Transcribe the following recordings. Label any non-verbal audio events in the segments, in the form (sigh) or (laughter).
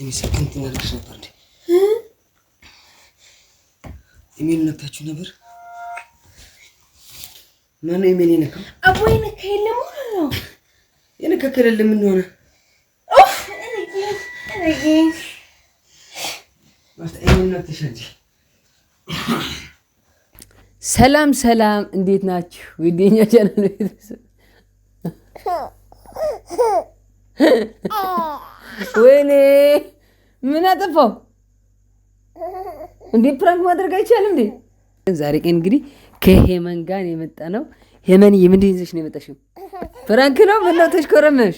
እኔ ስክንት እናደርግሽ ነበር እንዴ? ኢሜል ነካችሁ ነበር? ማነው ኢሜል የነካው? አቦይ ነካ የለም ነው የነካ ከሌለ ምን ሆነ? ሰላም ሰላም፣ እንዴት ናችሁ? ዊዲኛ ቻናል ቤተሰብ (laughs) ወይኔ ምን አጠፋው እንዴ? ፕራንክ ማድረግ አይቻልም እንዴ? ዛሬ ቀን እንግዲህ ከሄመን ጋር የመጣ ነው። ሄመን የምንድን ይዘሽ ነው የመጣሽው? ፕራንክ ነው። ምነው ተሽኮረመሽ?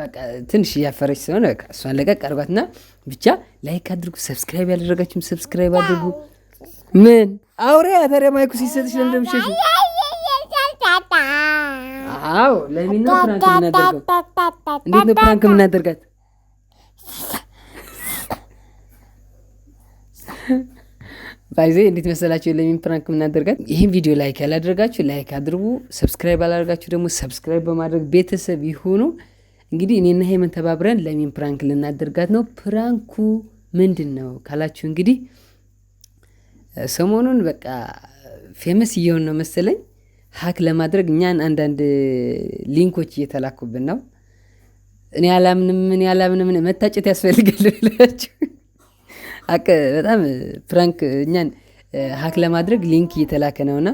በቃ ትንሽ እያፈረች ስለሆነ እሷን ለቀቅ አድርጓትና፣ ብቻ ላይክ አድርጉ፣ ሰብስክራይብ ያላደረጋችሁም ሰብስክራይብ አድርጉ። ምን አውሬ ታዲያ ማይኩ ሲሰጥሽ ለምደምሸሽ አዎ ለሚና ፍራንክ የምናደርገው እንዴት ነው? ፍራንክ የምናደርጋት ባይዜ እንዴት መሰላችሁ? ለሚን ፕራንክ የምናደርጋት። ይህን ቪዲዮ ላይክ ያላደረጋችሁ ላይክ አድርጉ፣ ሰብስክራይብ ያላደረጋችሁ ደግሞ ሰብስክራይብ በማድረግ ቤተሰብ ይሁኑ። እንግዲህ እኔና ሄመን ተባብረን ለሚን ፕራንክ ልናደርጋት ነው። ፕራንኩ ምንድን ነው ካላችሁ እንግዲህ ሰሞኑን በቃ ፌመስ እየሆን ነው መሰለኝ ሀክ ለማድረግ እኛን አንዳንድ ሊንኮች እየተላኩብን ነው። እኔ ያላምንም እኔ ያላምንም መታጨት ያስፈልጋል (laughs) ብላችሁ በጣም ፕራንክ እኛን ሀክ ለማድረግ ሊንክ እየተላከ ነውና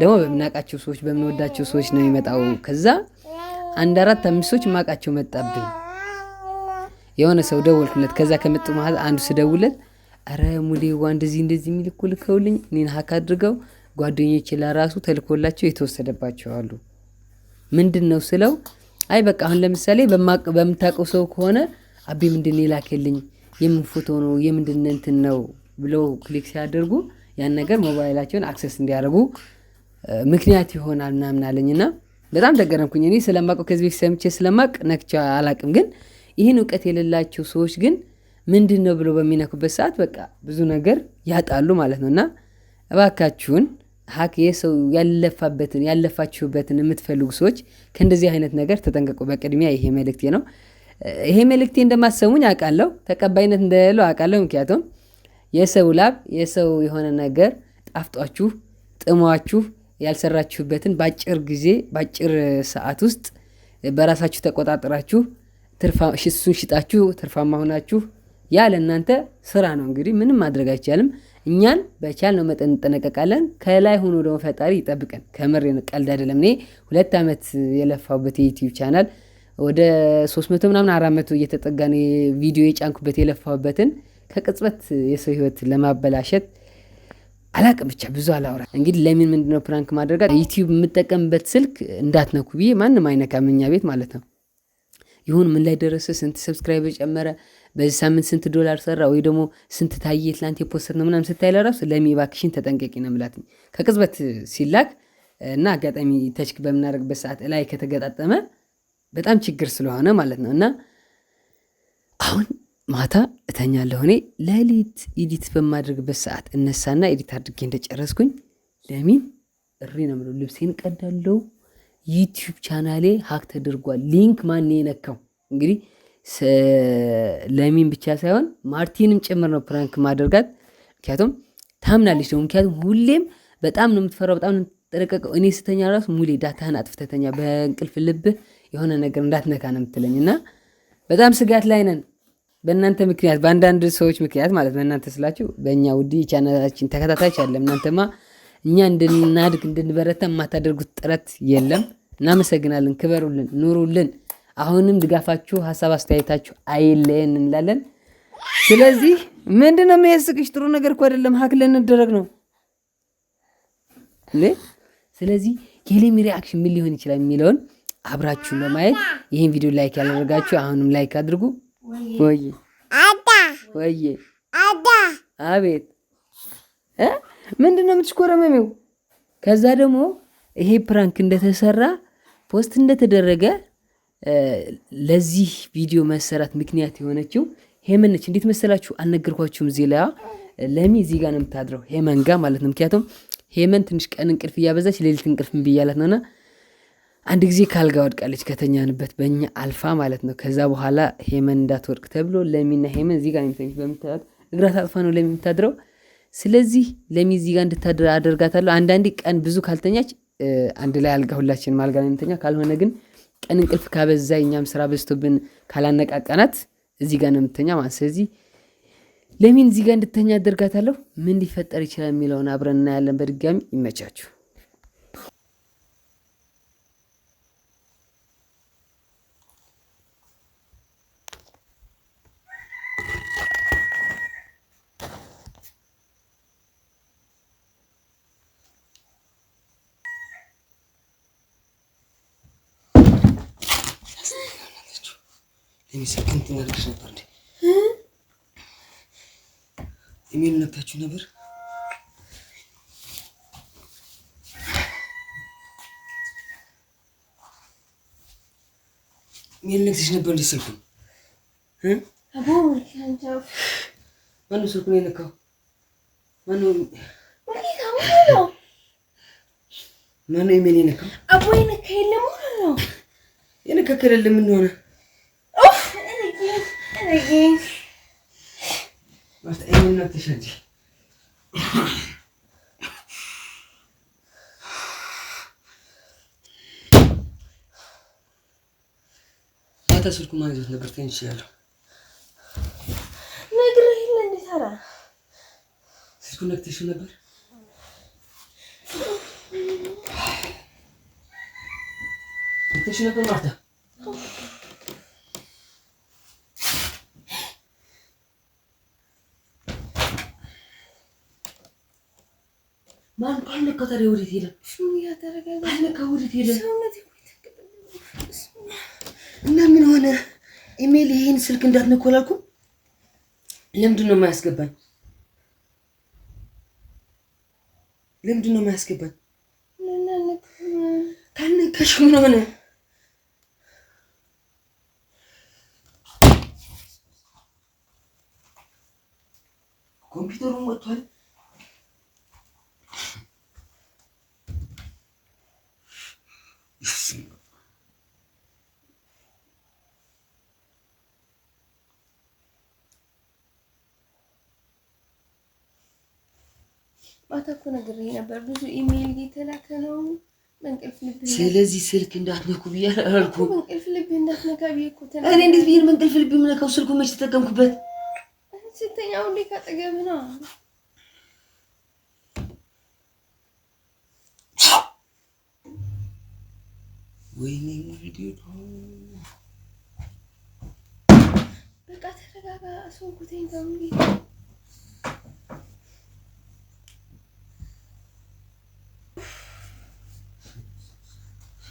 ደግሞ በምናውቃቸው ሰዎች በምንወዳቸው ሰዎች ነው የሚመጣው። ከዛ አንድ አራት አምስት ሰዎች ማውቃቸው መጣብኝ። የሆነ ሰው ደወልኩለት። ከዛ ከመጡ መሀል አንዱ ስደውለት፣ አረ ሙሌዋ እንደዚህ እንደዚህ የሚል እኮ ልከውልኝ እኔን ሀክ አድርገው ጓደኞቼ ለራሱ ተልኮላቸው የተወሰደባቸው አሉ። ምንድን ነው ስለው፣ አይ በቃ አሁን ለምሳሌ በምታውቀው ሰው ከሆነ አቤ ምንድን የላከልኝ የምን ፎቶ ነው የምንድን እንትን ነው ብለው ክሊክ ሲያደርጉ ያን ነገር ሞባይላቸውን አክሰስ እንዲያደርጉ ምክንያት ይሆናል ምናምን አለኝ እና በጣም ደገረምኩኝ። እኔ ስለማውቀው ከዚህ በፊት ሰምቼ ስለማቅ ነክቼ አላቅም። ግን ይህን እውቀት የሌላቸው ሰዎች ግን ምንድን ነው ብሎ በሚነኩበት ሰዓት በቃ ብዙ ነገር ያጣሉ ማለት ነው እና እባካችሁን ሀክ የሰው ያለፋበትን ያለፋችሁበትን የምትፈልጉ ሰዎች ከእንደዚህ አይነት ነገር ተጠንቀቁ። በቅድሚያ ይሄ መልእክቴ ነው። ይሄ መልእክቴ እንደማሰሙኝ አውቃለሁ፣ ተቀባይነት እንደሌለው አውቃለሁ። ምክንያቱም የሰው ላብ የሰው የሆነ ነገር ጣፍጧችሁ ጥሟችሁ ያልሰራችሁበትን በአጭር ጊዜ በአጭር ሰዓት ውስጥ በራሳችሁ ተቆጣጥራችሁ እሱን ሽጣችሁ ትርፋማ ሆናችሁ ያለ እናንተ ስራ ነው። እንግዲህ ምንም ማድረግ አይቻልም። እኛን በቻልነው መጠን እንጠነቀቃለን። ከላይ ሆኖ ደግሞ ፈጣሪ ይጠብቀን። ከምር ቀልድ አይደለም። እኔ ሁለት ዓመት የለፋሁበት የዩቲዩብ ቻናል ወደ 300 ምናምን 400 እየተጠጋ ነው ቪዲዮ የጫንኩበት የለፋሁበትን ከቅጽበት የሰው ህይወት ለማበላሸት አላቅም ብቻ ብዙ አላውራ። እንግዲህ ለምን ምንድነው ፕራንክ ማድረጋት? ዩቲዩብ የምጠቀምበት ስልክ እንዳትነኩ ብዬ ማንም አይነካም እኛ ቤት ማለት ነው። ይሁን ምን ላይ ደረሰ፣ ስንት ሰብስክራይበር ጨመረ በዚህ ሳምንት ስንት ዶላር ሰራ ወይ ደግሞ ስንት ታየ ትላንት የፖስተር ነው ምናምን ስታይ ለራሱ ለሚ እባክሽን ተጠንቀቂ ነው ምላት ከቅጽበት ሲላክ እና አጋጣሚ ተችክ በምናደርግበት ሰዓት ላይ ከተገጣጠመ በጣም ችግር ስለሆነ ማለት ነው እና አሁን ማታ እተኛለሁ። እኔ ለሊት ኢዲት በማድረግበት ሰዓት እነሳና ኢዲት አድርጌ እንደጨረስኩኝ ለሚን እሪ ነው ምለው ልብሴን ቀዳለው። ዩቲዩብ ቻናሌ ሀክ ተደርጓል። ሊንክ ማን የነካው እንግዲህ ለሚን ብቻ ሳይሆን ማርቲንም ጭምር ነው ፕራንክ ማደርጋት። ምክንያቱም ታምናለች ነው ምክንያቱም ሁሌም በጣም ነው የምትፈራው፣ በጣም ነው የምትጠነቀቀው። እኔ ስተኛ ራሱ ሙሌ ዳታህን አጥፍተተኛ በእንቅልፍ ልብህ የሆነ ነገር እንዳትነካ ነው የምትለኝ እና በጣም ስጋት ላይ ነን በእናንተ ምክንያት በአንዳንድ ሰዎች ምክንያት ማለት በእናንተ ስላችሁ በእኛ ውድ ቻናላችን ተከታታዮች አለም። እናንተማ እኛ እንድናድግ እንድንበረታ የማታደርጉት ጥረት የለም። እናመሰግናለን። ክበሩልን፣ ኑሩልን። አሁንም ድጋፋችሁ፣ ሀሳብ አስተያየታችሁ አይለየን እንላለን። ስለዚህ ምንድን ነው የሚያስቅሽ? ጥሩ ነገር እኮ አይደለም፣ ሀክ ልንደረግ ነው። ስለዚህ የሌሚ ሪአክሽን ምን ሊሆን ይችላል የሚለውን አብራችሁን በማየት ይህን ቪዲዮ ላይክ ያላደረጋችሁ አሁንም ላይክ አድርጉ። ወይ ወይ አዳ አቤት ምንድን ነው የምትሽኮረመሚው? ከዛ ደግሞ ይሄ ፕራንክ እንደተሰራ ፖስት እንደተደረገ ለዚህ ቪዲዮ መሰራት ምክንያት የሆነችው ሄመን ነች። እንዴት መሰላችሁ? አልነገርኳችሁም። እዚህ ላይ ለሚ እዚህ ጋር ነው የምታድረው፣ ሄመን ጋር ማለት ነው። ምክንያቱም ሄመን ትንሽ ቀን እንቅልፍ እያበዛች ሌሊት እንቅልፍ እምቢ እያላት ነውና አንድ ጊዜ ካልጋ ወድቃለች፣ ከተኛንበት በእኛ አልፋ ማለት ነው። ከዛ በኋላ ሄመን እንዳትወድቅ ተብሎ ለሚና ሄመን እዚህ ጋር ነው የሚተኙት። እግራት አጥፋ ነው ለሚ የምታድረው። ስለዚህ ለሚ እዚህ ጋር እንድታድር አደርጋታለሁ። አንዳንዴ ቀን ብዙ ካልተኛች አንድ ላይ አልጋ ሁላችንም አልጋ ላይ እንተኛ። ካልሆነ ግን ቀን እንቅልፍ ካበዛ እኛም ስራ በዝቶብን ካላነቃቀናት እዚህ ጋር ነው የምተኛ ማለት። ስለዚህ ለሚን እዚህ ጋር እንድተኛ አደርጋታለሁ። ምን ሊፈጠር ይችላል የሚለውን አብረን እናያለን። በድጋሚ ይመቻችሁ። ሰከንት እናደርግሽ ነበር እንዴ? ኢሜል ነካችሁ ነበር? ኢሜል ነክተሽ ነበር እንዴ? ስልኩን ማነው ስልኩን የነካው? ማነው ኢሜል የነካው? አቦ የነካ የለም ነው የነካ ከሌለ ምን ሆነ? Wacht één is het. Wat is er komen uit de pretentieel? Ik hill en dit hara. Is connectie zo neber? Is zo neber, Marta. ማን ከተሬ ወዴት ይላል? እና ምን ሆነ? ኢሜል ይሄን ስልክ እንዳትነኩ አላልኩም? ለምንድን ነው የማያስገባኝ? ለምንድን ነው የማያስገባኝ? ካልነካሽ ምን ሆነ? ኮምፒውተሩን ወጥቷል። ማታ እኮ ነግሬ ነበር። ብዙ ኢሜይል እየተላከ ነው። በእንቅልፍ ልብህ ስለዚህ ስልክ እንዳትነኩ ብያለሁ አልኩ። በእንቅልፍ ልብህ እንዳትነካ ብዬሽ እኮ ተናግሬ። እኔ እንዴት ብዬሽ ነው በእንቅልፍ ልብህ የምነካው? ስልኩን መች ተጠቀምኩበት? ስተኛ ሁሌ ካጠገብህ ነው። ወይኔ ቪዲዮ በቃ ተረጋጋ። ሰው ኩቴኝ ተምሪ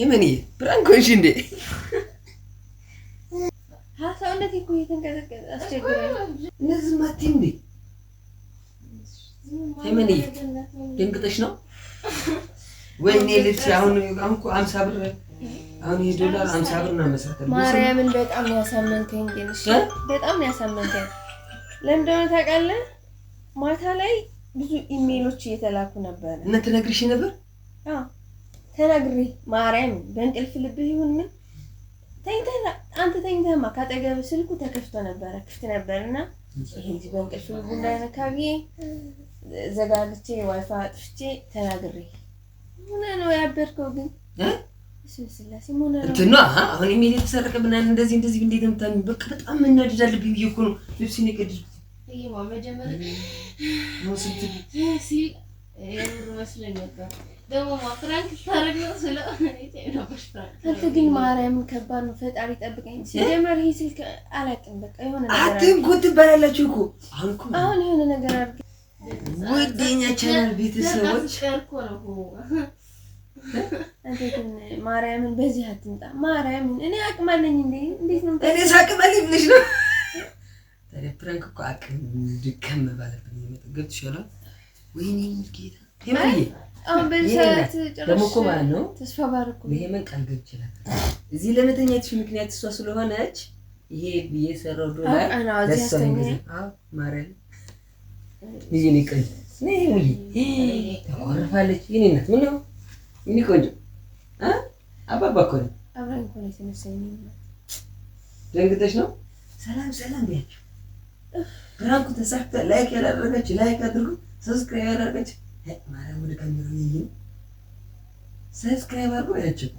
የምን ፕራንክ ሆንሽ እንዴ? ሰውነት እኮ እየተንቀጠቀጠ አስቸግራል። እነዚህ ማቲ እንዴ የምን ደንግጠሽ ነው? ወይኔ ልጅ አሁን እኮ አምሳ ብር አሁን ይሄ ዶላር አምሳ ብር ነው መሰለኝ። ማርያምን በጣም ያሳመንከኝ ግን በጣም ያሳመንከኝ ለምንደሆነ ታውቃለህ? ማታ ላይ ብዙ ኢሜሎች እየተላኩ ነበረ። እና ተነግሪሽ ነበር? አዎ ተነግሪ። ማርያም በእንቅልፍ ልብህ ይሁን ምን ተኝተህ አንተ ተኝተህማ ካጠገብህ ስልኩ ተከፍቶ ነበረ ክፍት ነበርና ይሄ ልጅ በእንቅልፍ ልቡ እንዳይነካቢ ዘጋግቼ ዋይፋ አጥፍቼ ተናግሬ ምን ነው ያበድከው ግን እንትና አሁን የሚል የተሰረቀ ምናምን እንደዚህ እንደዚህ እንዴት ምታሚ በቃ በጣም እናድዳለብኝ ብዬ እኮ ነው ልብስ የቀደድኩት። ግን ማርያምን ከባድ ነው። ፈጣሪ ጠብቀኝ። ሲጀመር ይሄ ስልክ አላውቅም። በቃ የሆነ ነገር ትባላላችሁ እኮ አሁን የሆነ ነገር አድርገን ወደኛ ቻናል ቤተሰቦች ማርያምን በዚህ አትምጣ። ማርያምን እኔ አቅማለኝ እንዴ! እንዴት ነው እኔ ሳቅማለኝ ብለሽ ነው? ታዲያ ፕራንክ እኮ አቅም ድከም ባለብን የመጠገብ ትሻላል። ወይኔ ጌታ ይማይ እዚህ ለመተኛትሽ ምክንያት እሷ ስለሆነች ይሄ የሰራው ዶላር ለሰም ጊዜ አዎ ምን ነው እኔ ቆንጆ አባባ እኮ ነው። አብረን እኮ ነው የተነሳኝ። ደንግጠሽ ነው? ሰላም ሰላም ያቸው ብራንኩ ተሳክተ ላይክ ያላደረገች ላይክ አድርጉ፣ ሰብስክራይብ ያላደረገች ማርያም ወደ ካሜራ ይይ ሰብስክራይብ አድርጉ ያቸው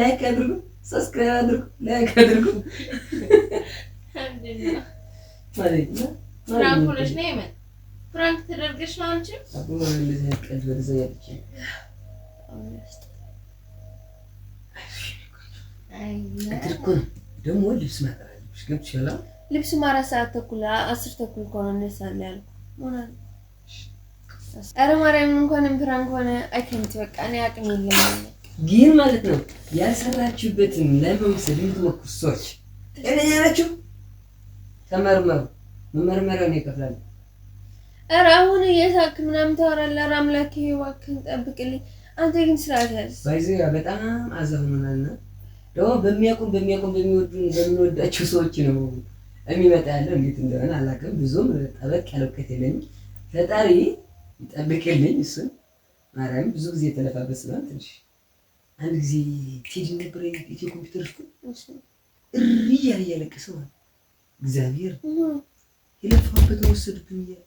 ላይክ አድርጉ፣ ሰብስክራይብ አድርጉ፣ ላይክ አድርጉ። ብራንኩ ነሽ ነው የመን ፍራንክ ተደርገሽ ነው አንቺ? ደግሞ ልብስ ማጠራለሽ ገብቶ ይችላል። ልብሱም አራት ሰዓት ተኩል አስር ተኩል ከሆነ እነሳለሁ ያልኩህ። ኧረ ማርያምን እንኳንም ፍራንክ ሆነ አይከንት በቃ እኔ አቅም የለም። ግን ማለት ነው ያልሰራችሁበትን ለመውሰድ የምትሞክሩ ሰዎች ጤነኛ ናችሁ? ተመርመሩ። መመርመሪያውን ይከፍላል ኧረ አሁን እየሳክ ምናምን ታወራለህ። ኧረ አምላኬ እባክህን ጠብቅልኝ። አንተ ግን ስርዓት ያዝ። ባይዘ በጣም አዘፍኖናልና ደግሞ በሚያውቁን በሚያውቁን በሚወዱን በምንወዳቸው ሰዎች ነው የሚመጣ ያለው። እንዴት እንደሆነ አላውቅም። ብዙም ጠበቅ ያለ እውቀት የለኝም። ፈጣሪ ይጠብቅልኝ። እሱን ማርያም ብዙ ጊዜ የተለፋበት ስለሆነ ትንሽ አንድ ጊዜ ቴዲ ነበረ ኢትዮ ኮምፒውተር ውስጥ እሪ እያለ እያለቀሰ እግዚአብሔር የለፋበት ወሰድብኝ እያለ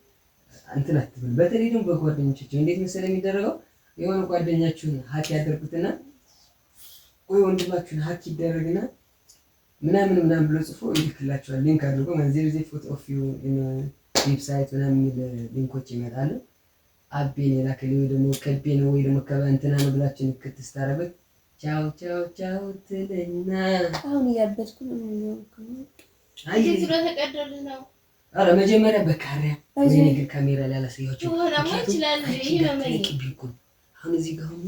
እንትን አትብል። በተለይ ደግሞ በጓደኞቻቸው እንዴት መሰለ የሚደረገው የሆነ ጓደኛችሁን ሀክ ያደርጉትና ወይ ወንድማችሁን ሀክ ይደረግና ምናምን ምናምን ብሎ ጽፎ ይልክላቸዋል። ሊንክ አድርጎ ዜሮ ዜ ፎቶ ኦፍ ዩ ዌብሳይት ምናምን የሚል ሊንኮች ይመጣሉ። አቤን የላከልኝ ወይ ደግሞ ከቤ ነው ወይ ደግሞ ከእንትና ነው ብላችን ክትስታረበት ቻው ቻው ቻው ትልና አሁን እያበድኩ ነው። አይ ስለተቀደል ነው አረ መጀመሪያ በካሪያ ወይ ነገር ካሜራ ላይ አላሳያቸው። አሁን እዚህ ጋር ሆኜ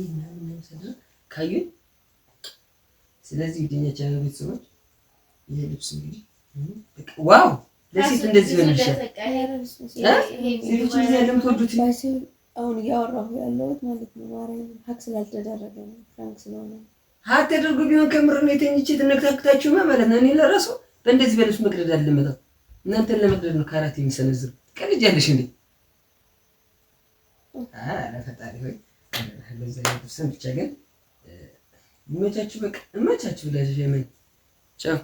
ስለዚህ ውድኛ ቻናል ቤተሰቦች ይሄ ልብስ እንግዲህ ዋው ለሴት እንደዚህ ሆነሻል። አሁን እያወራሁ ያለሁት ማለት ነው። ማርያምን ሀክ ስላልተደረገ ነው፣ ፍራንክ ስለሆነ ሀክ ተደርጎ ቢሆን ከምር ነው የተኝቼ ትነግታክታችሁማ ማለት ነው። እኔ ለራሱ በእንደዚህ በልብስ መቅደድ አለመጣም እናንተን ለመቅደድ ነው ከአራት የሚሰነዝር ቀልጅ ያለሽ እንዴ? ፈጣሪ ሆይ በዛ ብቻ ግን እመቻችሁ፣ በቃ እመቻችሁ ብላ ሸመን ቻው